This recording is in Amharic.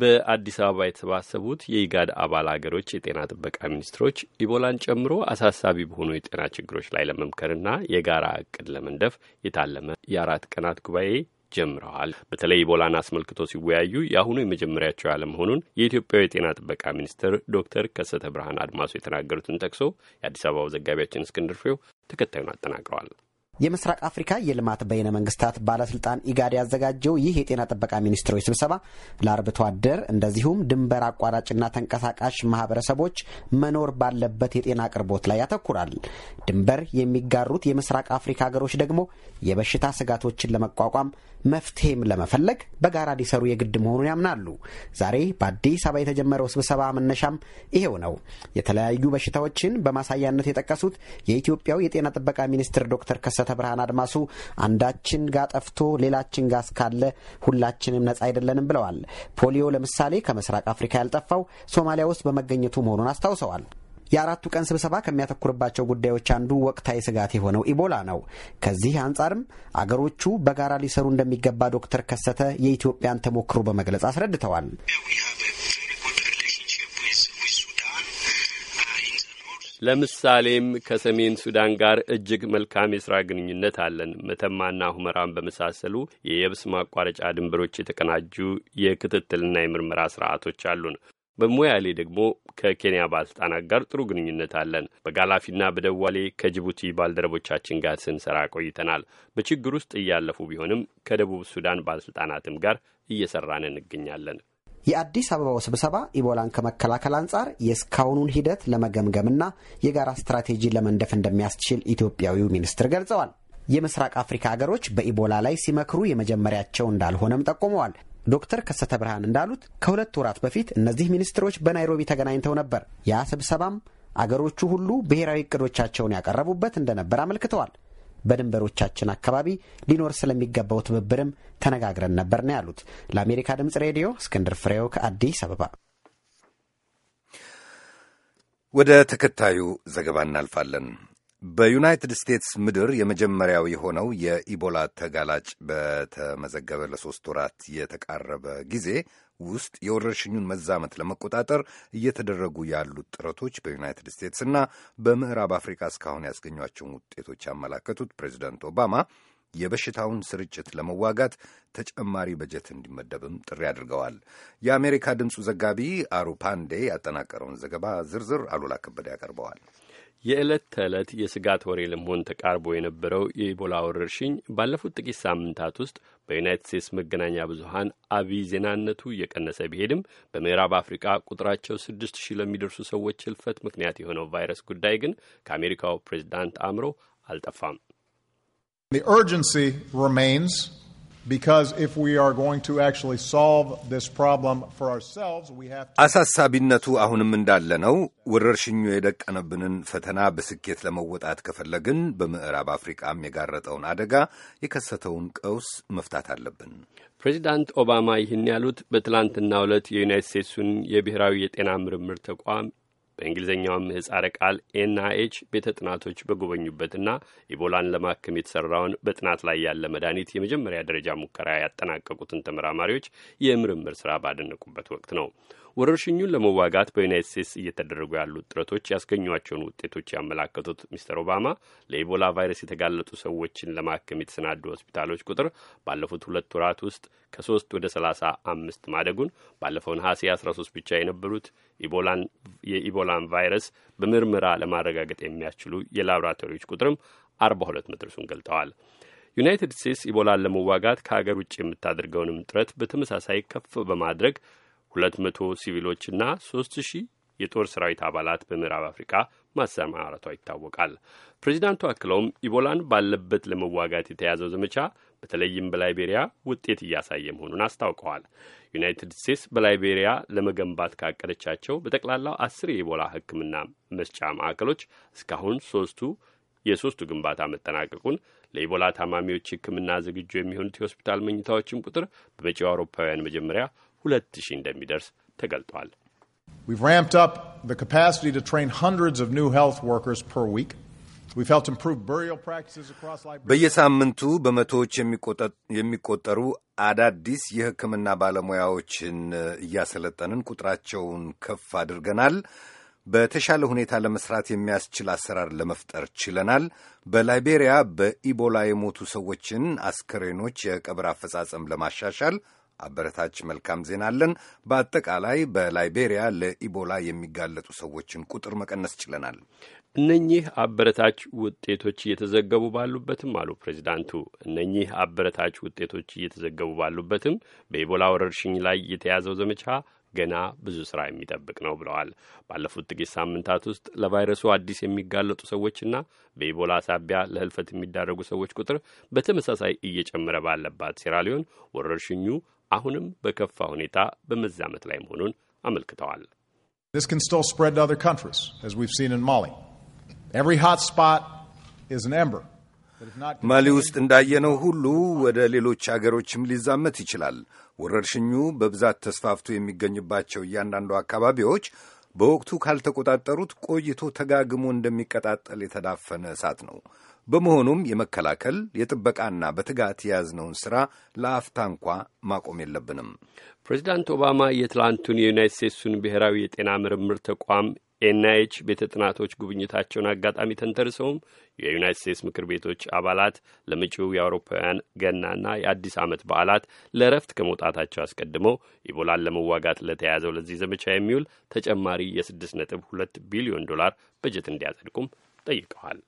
በአዲስ አበባ የተሰባሰቡት የኢጋድ አባል አገሮች የጤና ጥበቃ ሚኒስትሮች ኢቦላን ጨምሮ አሳሳቢ በሆኑ የጤና ችግሮች ላይ ለመምከርና የጋራ እቅድ ለመንደፍ የታለመ የአራት ቀናት ጉባኤ ጀምረዋል። በተለይ ኢቦላን አስመልክቶ ሲወያዩ የአሁኑ የመጀመሪያቸው ያለመሆኑን የኢትዮጵያ የጤና ጥበቃ ሚኒስትር ዶክተር ከሰተ ብርሃን አድማሱ የተናገሩትን ጠቅሶ የአዲስ አበባው ዘጋቢያችን እስክንድር ፍሬው ተከታዩን አጠናቅረዋል። የምስራቅ አፍሪካ የልማት በይነ መንግስታት ባለስልጣን ኢጋድ ያዘጋጀው ይህ የጤና ጥበቃ ሚኒስትሮች ስብሰባ ለአርብቶ አደር እንደዚሁም ድንበር አቋራጭና ተንቀሳቃሽ ማህበረሰቦች መኖር ባለበት የጤና አቅርቦት ላይ ያተኩራል። ድንበር የሚጋሩት የምስራቅ አፍሪካ ሀገሮች ደግሞ የበሽታ ስጋቶችን ለመቋቋም መፍትሄም ለመፈለግ በጋራ ሊሰሩ የግድ መሆኑን ያምናሉ። ዛሬ በአዲስ አበባ የተጀመረው ስብሰባ መነሻም ይሄው ነው። የተለያዩ በሽታዎችን በማሳያነት የጠቀሱት የኢትዮጵያው የጤና ጥበቃ ሚኒስትር ዶክተር ከሰተ ብርሃን አድማሱ አንዳችን ጋ ጠፍቶ ሌላችን ጋ እስካለ ሁላችንም ነጻ አይደለንም ብለዋል። ፖሊዮ ለምሳሌ ከምስራቅ አፍሪካ ያልጠፋው ሶማሊያ ውስጥ በመገኘቱ መሆኑን አስታውሰዋል። የአራቱ ቀን ስብሰባ ከሚያተኩርባቸው ጉዳዮች አንዱ ወቅታዊ ስጋት የሆነው ኢቦላ ነው። ከዚህ አንጻርም አገሮቹ በጋራ ሊሰሩ እንደሚገባ ዶክተር ከሰተ የኢትዮጵያን ተሞክሮ በመግለጽ አስረድተዋል። ለምሳሌም ከሰሜን ሱዳን ጋር እጅግ መልካም የስራ ግንኙነት አለን። መተማና ሁመራን በመሳሰሉ የየብስ ማቋረጫ ድንበሮች የተቀናጁ የክትትልና የምርመራ ስርዓቶች አሉን። በሙያሌ ደግሞ ከኬንያ ባለስልጣናት ጋር ጥሩ ግንኙነት አለን። በጋላፊና በደዋሌ ከጅቡቲ ባልደረቦቻችን ጋር ስንሰራ ቆይተናል። በችግር ውስጥ እያለፉ ቢሆንም ከደቡብ ሱዳን ባለስልጣናትም ጋር እየሰራን እንገኛለን። የአዲስ አበባው ስብሰባ ኢቦላን ከመከላከል አንጻር የእስካሁኑን ሂደት ለመገምገምና የጋራ ስትራቴጂ ለመንደፍ እንደሚያስችል ኢትዮጵያዊው ሚኒስትር ገልጸዋል። የምስራቅ አፍሪካ ሀገሮች በኢቦላ ላይ ሲመክሩ የመጀመሪያቸው እንዳልሆነም ጠቁመዋል። ዶክተር ከሰተ ብርሃን እንዳሉት ከሁለት ወራት በፊት እነዚህ ሚኒስትሮች በናይሮቢ ተገናኝተው ነበር። ያ ስብሰባም አገሮቹ ሁሉ ብሔራዊ እቅዶቻቸውን ያቀረቡበት እንደነበር አመልክተዋል። በድንበሮቻችን አካባቢ ሊኖር ስለሚገባው ትብብርም ተነጋግረን ነበር ነው ያሉት። ለአሜሪካ ድምፅ ሬዲዮ እስክንድር ፍሬው ከአዲስ አበባ። ወደ ተከታዩ ዘገባ እናልፋለን። በዩናይትድ ስቴትስ ምድር የመጀመሪያው የሆነው የኢቦላ ተጋላጭ በተመዘገበ ለሶስት ወራት የተቃረበ ጊዜ ውስጥ የወረርሽኙን መዛመት ለመቆጣጠር እየተደረጉ ያሉት ጥረቶች በዩናይትድ ስቴትስና በምዕራብ አፍሪካ እስካሁን ያስገኟቸውን ውጤቶች ያመላከቱት ፕሬዚደንት ኦባማ የበሽታውን ስርጭት ለመዋጋት ተጨማሪ በጀት እንዲመደብም ጥሪ አድርገዋል። የአሜሪካ ድምፁ ዘጋቢ አሩ ፓንዴ ያጠናቀረውን ዘገባ ዝርዝር አሉላ ከበደ ያቀርበዋል። የዕለት ተዕለት የስጋት ወሬ ለመሆን ተቃርቦ የነበረው የኢቦላ ወረርሽኝ ባለፉት ጥቂት ሳምንታት ውስጥ በዩናይትድ ስቴትስ መገናኛ ብዙኃን አብይ ዜናነቱ እየቀነሰ ቢሄድም በምዕራብ አፍሪቃ ቁጥራቸው ስድስት ሺህ ለሚደርሱ ሰዎች ህልፈት ምክንያት የሆነው ቫይረስ ጉዳይ ግን ከአሜሪካው ፕሬዚዳንት አእምሮ አልጠፋም። The urgency remains. አሳሳቢነቱ አሁንም እንዳለ ነው። ወረርሽኙ የደቀነብንን ፈተና በስኬት ለመወጣት ከፈለግን በምዕራብ አፍሪቃም የጋረጠውን አደጋ የከሰተውን ቀውስ መፍታት አለብን። ፕሬዚዳንት ኦባማ ይህን ያሉት በትላንትናው ዕለት የዩናይት ስቴትሱን የብሔራዊ የጤና ምርምር ተቋም በእንግሊዝኛውም ምህጻረ ቃል ኤንአኤች ቤተ ጥናቶች በጎበኙበትና ኢቦላን ለማከም የተሰራውን በጥናት ላይ ያለ መድኃኒት የመጀመሪያ ደረጃ ሙከራ ያጠናቀቁትን ተመራማሪዎች የምርምር ስራ ባደነቁበት ወቅት ነው። ወረርሽኙን ለመዋጋት በዩናይት ስቴትስ እየተደረጉ ያሉት ጥረቶች ያስገኟቸውን ውጤቶች ያመላከቱት ሚስተር ኦባማ ለኢቦላ ቫይረስ የተጋለጡ ሰዎችን ለማከም የተሰናዱ ሆስፒታሎች ቁጥር ባለፉት ሁለት ወራት ውስጥ ከሶስት ወደ ሰላሳ አምስት ማደጉን ባለፈው ነሐሴ አስራ ሶስት ብቻ የነበሩት የኢቦላን ቫይረስ በምርመራ ለማረጋገጥ የሚያስችሉ የላቦራቶሪዎች ቁጥርም አርባ ሁለት መድረሱን ገልጠዋል። ዩናይትድ ስቴትስ ኢቦላን ለመዋጋት ከሀገር ውጭ የምታደርገውንም ጥረት በተመሳሳይ ከፍ በማድረግ ሁለት መቶ ሲቪሎችና ሶስት ሺህ የጦር ሰራዊት አባላት በምዕራብ አፍሪካ ማሰማራቷ ይታወቃል። ፕሬዚዳንቱ አክለውም ኢቦላን ባለበት ለመዋጋት የተያዘው ዘመቻ በተለይም በላይቤሪያ ውጤት እያሳየ መሆኑን አስታውቀዋል። ዩናይትድ ስቴትስ በላይቤሪያ ለመገንባት ካቀደቻቸው በጠቅላላው አስር የኢቦላ ሕክምና መስጫ ማዕከሎች እስካሁን ሶስቱ የሶስቱ ግንባታ መጠናቀቁን ለኢቦላ ታማሚዎች ሕክምና ዝግጁ የሚሆኑት የሆስፒታል መኝታዎችን ቁጥር በመጪው አውሮፓውያን መጀመሪያ ሁለት ሺህ እንደሚደርስ ተገልጧል። በየሳምንቱ በመቶዎች የሚቆጠሩ አዳዲስ የሕክምና ባለሙያዎችን እያሰለጠንን ቁጥራቸውን ከፍ አድርገናል። በተሻለ ሁኔታ ለመስራት የሚያስችል አሰራር ለመፍጠር ችለናል። በላይቤሪያ በኢቦላ የሞቱ ሰዎችን አስከሬኖች የቀብር አፈጻጸም ለማሻሻል አበረታች መልካም ዜና አለን። በአጠቃላይ በላይቤሪያ ለኢቦላ የሚጋለጡ ሰዎችን ቁጥር መቀነስ ችለናል። እነኚህ አበረታች ውጤቶች እየተዘገቡ ባሉበትም አሉ ፕሬዚዳንቱ፣ እነኚህ አበረታች ውጤቶች እየተዘገቡ ባሉበትም በኢቦላ ወረርሽኝ ላይ የተያዘው ዘመቻ ገና ብዙ ስራ የሚጠብቅ ነው ብለዋል። ባለፉት ጥቂት ሳምንታት ውስጥ ለቫይረሱ አዲስ የሚጋለጡ ሰዎችና በኢቦላ ሳቢያ ለህልፈት የሚዳረጉ ሰዎች ቁጥር በተመሳሳይ እየጨመረ ባለባት ሴራሊዮን ወረርሽኙ አሁንም በከፋ ሁኔታ በመዛመት ላይ መሆኑን አመልክተዋል። This can still spread to other countries, as we've seen in Mali. Every hot spot is an ember. ማሊ ውስጥ እንዳየነው ሁሉ ወደ ሌሎች አገሮችም ሊዛመት ይችላል። ወረርሽኙ በብዛት ተስፋፍቶ የሚገኝባቸው እያንዳንዱ አካባቢዎች በወቅቱ ካልተቆጣጠሩት ቆይቶ ተጋግሞ እንደሚቀጣጠል የተዳፈነ እሳት ነው። በመሆኑም የመከላከል የጥበቃና በትጋት የያዝነውን ሥራ ለአፍታ እንኳ ማቆም የለብንም። ፕሬዚዳንት ኦባማ የትላንቱን የዩናይት ስቴትሱን ብሔራዊ የጤና ምርምር ተቋም የኤንአይች ቤተ ጥናቶች ጉብኝታቸውን አጋጣሚ ተንተርሰውም የዩናይት ስቴትስ ምክር ቤቶች አባላት ለመጪው የአውሮፓውያን ገናና የአዲስ ዓመት በዓላት ለእረፍት ከመውጣታቸው አስቀድመው ኢቦላን ለመዋጋት ለተያያዘው ለዚህ ዘመቻ የሚውል ተጨማሪ የ ነጥብ ሁለት ቢሊዮን ዶላር በጀት እንዲያጸድቁም ጠይቀዋል።